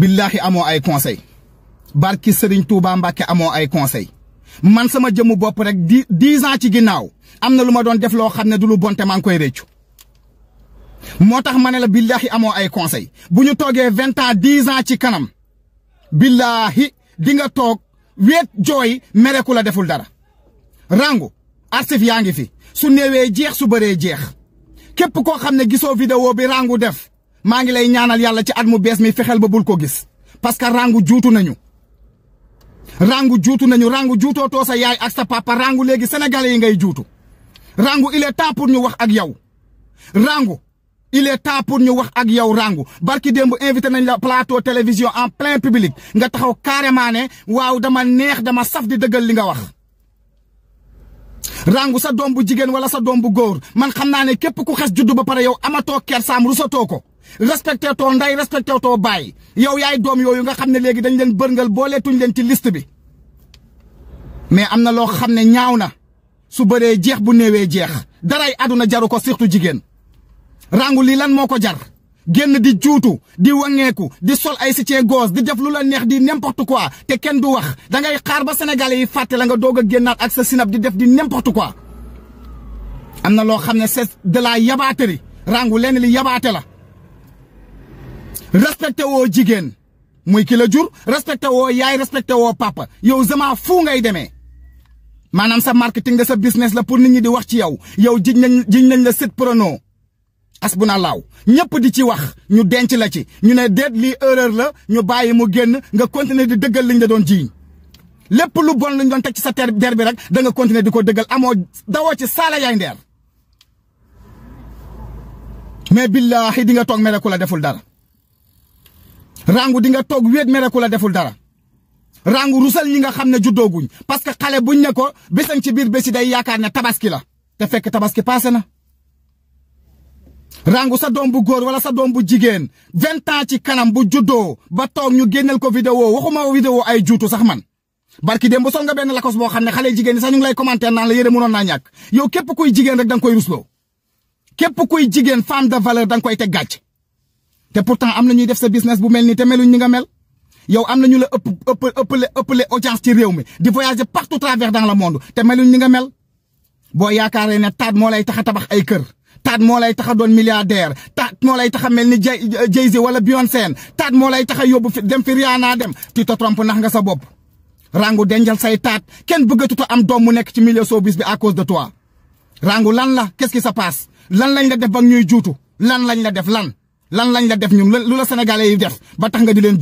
billaahi amoo ay conseil barki Serigne tuubaa Mbacke amoo ay conseil man sama jëmmu bopp rek di dix ans ci ginnaaw am na lu ma doon def loo xam ne du bonte maa ngi koy réccu moo tax ma ne la billaahi amoo ay conseil bu ñu toogee vingt ans dix ans ci kanam billaahi di nga toog weet jooy merekul a deful dara rangu arsif yaa ngi fi su newee jeex su bëree jeex képp koo xam ne gisoo vidéo bi rangu def maa ngi lay ñaanal yàlla ci at mu bees mi fexeel ba bul ko gis parce que rangu juutu nañu rangu juutu nañu rangu juutootoo sa yaay ak sa papa rangu léegi senegale yi ngay juutu rangu il est temps pour ñu wax ak yow rangu il est temps pour ñu wax ak yow rangu barki démb invité nañ la plateau télévision en plein public nga taxaw carrément ne waaw dama neex dama saf di dëggal li nga wax rangu sa doom bu jigéen wala sa doom bu góor man xam naa ne képp ku xes juddu ba pare yow amatoo kersaam rusatoo ko respecté too nday respecté too baay yow yaay doom yooyu nga xam ne léegi dañu leen bërngal booleetuñ leen ci liste bi mais am na loo xam ne ñaaw na su bëree jeex bu néewee jeex daray àdduna jaru ko surtout jigéen rangu lii lan moo ko jar génn di juutu di wangeeku di sol ay soutien gauche di def lu la neex di n'importe quoi te kenn du wax da ngay xaar ba sénégalais yi fàtte nga doog a ak sa sinab di def di n'importe quoi am na loo xam ne c'est de la yabaaterie rangu lenn li yabaate la respecté woo jigéen muy ki la jur respecté woo yaay respecté woo papa yow zama fu ngay demee maanaam sa marketing la sa business la pour ni ñi di wax ci yow yow jiñ nañ jiñ nañ la site prono as na laaw ñëpp di ci wax ñu denc la ci ñu ne déet li erreur la ñu bàyyi mu génn nga continuer di dëggal liñ la doon jiiñ lépp lu bon lañ doon teg ci sa ter der bi rek da nga continuer di ko dëggal amoo dawoo ci saala yaay ndeer mais billaahi di nga toog mere ku la deful dara rangu di nga toog wéet mereku la deful dara rangu rusal ñi nga xam ne juddooguñ parce que xale buñ ne ko bésan ci biir bési day yaakaar ne tabaski la te fekk tabaski passé na rangu sa doom bu góor wala sa doom bu jigéen vingt ans ci kanam bu juddoo ba toog ñu génneel ko vidéo waxuma vidéo ay juutu sax man barki dem bu sol nga benn lakos boo xam ne xale jigéen ñi sax ñu ngi lay commenter naan la yére mënoon naa ñàkk yow képp kuy jigéen rek da nga koy rusloo képp kuy jigéen femme de valeur da nga koy teg gàcc te pourtant am na ñuy def sa business bu mel nii te meluñ ñi nga mel yow am na ñu la ëpp ëpp ëpp ëppale ëppale audience ci réew mi di voyager partout travers dans la monde te meluñ ñi nga mel boo yaakaaree ne taat moo lay tax a tabax ay kër. taat moo lay tax a doon milliardaire taat moo lay tax a mel ni Jay-Z wala Beyoncé taat moo lay tax a yóbbu fi dem fi Rihanna dem tu te trompes nax nga sa bopp. rangu denjal say taat kenn bëggatuta am doom mu nekk ci milieu showbiz bi à cause toi rangu lan la qu'est-ce qui se lan lañ la def ba ñuy juutu lan lañ la def lan. lan lañ la def ñun lu la sénégalais yi def ba tax nga di leen.